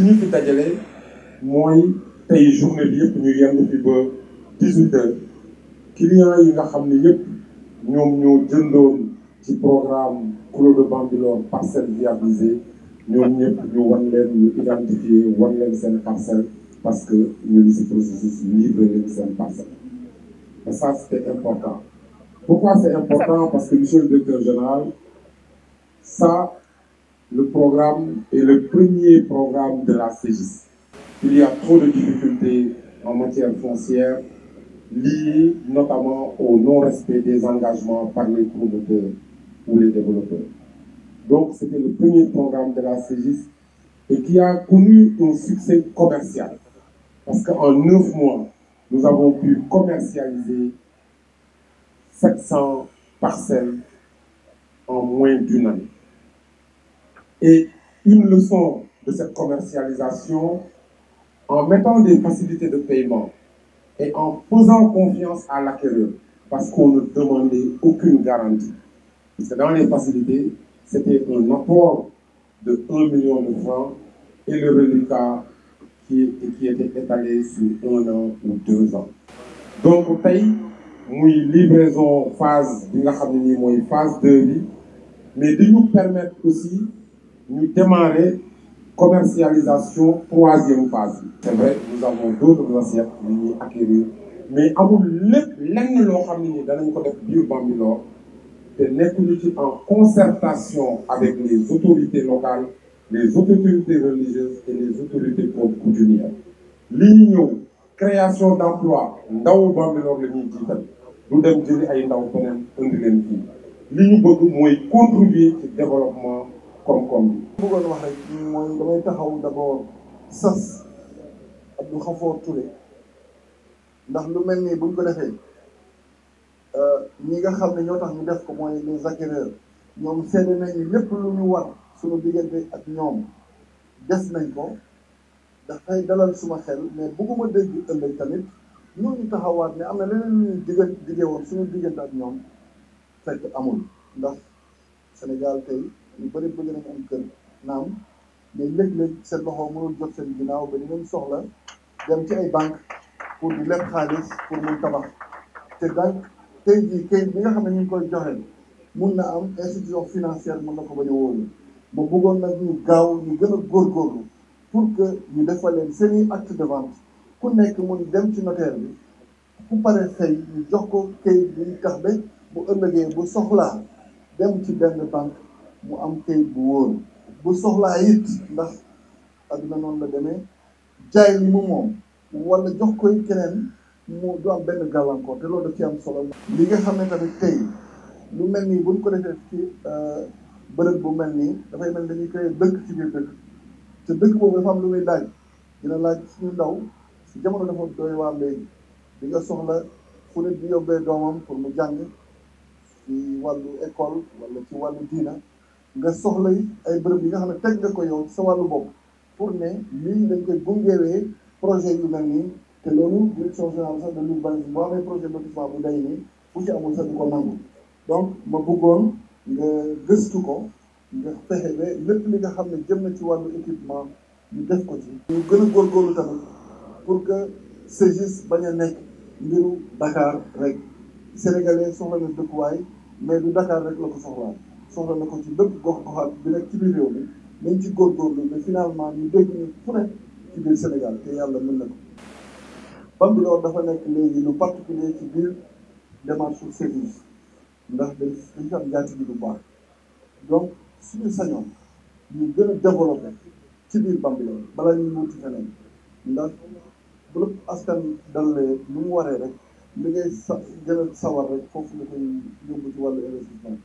li fi dajale mooy tey journée bi yëpp ñu yem fi ba 18 heures clients yi nga xam ne yëpp ñoom ñoo jëndoon ci programme Clos de parcelles parcelle viabilisée ñoom ñëpp ñu wan leen ñu identifier wan leen seen parcelle parce que ñu ngi si processus livré leen seen parcelle et ça c'était important pourquoi c'est important parce que monsieur le directeur général ça le programme est le premier programme de la CGIS. Il y a trop de difficultés en matière foncière liées notamment au non-respect des engagements par les promoteurs ou les développeurs. Donc c'était le premier programme de la CGIS et qui a connu un succès commercial. Parce qu'en neuf mois, nous avons pu commercialiser 700 parcelles en moins d'une année. Et une leçon de cette commercialisation, en mettant des facilités de paiement et en faisant confiance à l'acquéreur, parce qu'on ne demandait aucune garantie. C'est dans les facilités, c'était un apport de 1 million de francs et le résultat qui, qui était étalé sur un an ou deux ans. donc pays, pays, livraison phase bi nga phase de vie, mais de nous permettre aussi nous démarrer commercialisation troisième phase c'est vrai nous avons d'autres assiettes à acquérir mais amul lépp lenn loo famille, dans ni ko def nous en concertation avec les autorités locales les autorités religieuses et les autorités pour coutumières création d'emplois dans le la du dem ay ndaw beaucoup li contribuer au développement koom-koom bi. li bëggoon wax rek mooy damay taxaw d'abord sas Abdou Khafor Touré ndax lu mel nii buñ ko defee euh, ñi nga xam ne ñoo tax mu def ko mooy les acquéreurs ñoom seede nañu lépp lu ñu war suñu diggante ak ñoom des nañ ko dafay dalal suma xel mais bëgguma dégg ëllëg tamit ñooñu taxawaat ne am na leneen lu ñuy diggante digge woon suñu diggante ak ñoom fekk amul ndax Sénégal tey. ñu bëri bëgg nañ am kër naam mais léeg-léeg seen loxo mënul jot seen ginnaaw ba dinañ soxla dem ci ay banque pour di leb xaalis pour mun tabax te donc tey jii kayit bi nga xam ne ñu ngi koy joxe mun na am institution financière mën na ko bañ a wóolu bëggoon nag ñu gaaw ñu gën a góorgóorlu pour que ñu defal leen seen i acte de vente ku nekk mun dem ci notaire bi ku pare fay ñu jox ko kayit bi tax ba bu ëllëgee bu soxlaa dem ci benn banque mu am kayit bu wóor bu soxlaa it ndax adduna noonu la demee jaay li mu moom wala jox koy keneen mu du am benn gàllankoor te loolu daf ci am solo. li nga xam ne tamit tey mel nii buñ ko defee ci euh, bërëb bu mel nii dafay mel dañuy créer dëkk ci biir dëkk te boobu dafa am lu muy laaj dina laaj suñu ndaw si jamono dafa doy waar léegi di nga soxla fu nit di yóbbee doomam pour mu jàng ci wàllu école wala ci wàllu diina nga soxla ay bërëb yi nga xam ne teg nga ko yow sa wàllu bopp pour ne lii dañ koy gungewee projet yu mel nii te loolu direction générale sax de l'urbanisme boo amee projet lotissement bu day nii bu ci amul sax du ko nangu donc ma bëggoon nga gëstu ko nga pexe ba lépp li nga xam ne jëm na ci wàllu équipement ñu def ko ci ñu gën a góorgóorlu tamit pour que CGIS bañ a nekk mbiru Dakar rek sénégalais soxla na dëkkuwaay mais du Dakar rek la ko soxlaa soxla na ko ci bépp gox goxaat bi nekk ci biir réew mi nañ ci góorgóorlu mais finalement ñu dégg ñu fu ne ci biir Sénégal te yàlla mën na ko Bambilor dafa nekk léegi lu particulier ci biir démarche service ndax dañ dañ am jaati bu baax donc suñu sañoon ñu gën a développé ci biir Bambilor balaa ñuy wuti feneen ndax bu askan dalee lu mu waree rek li ngay sa gën a sawar rek foofu la koy yóbbu ci wàllu investissement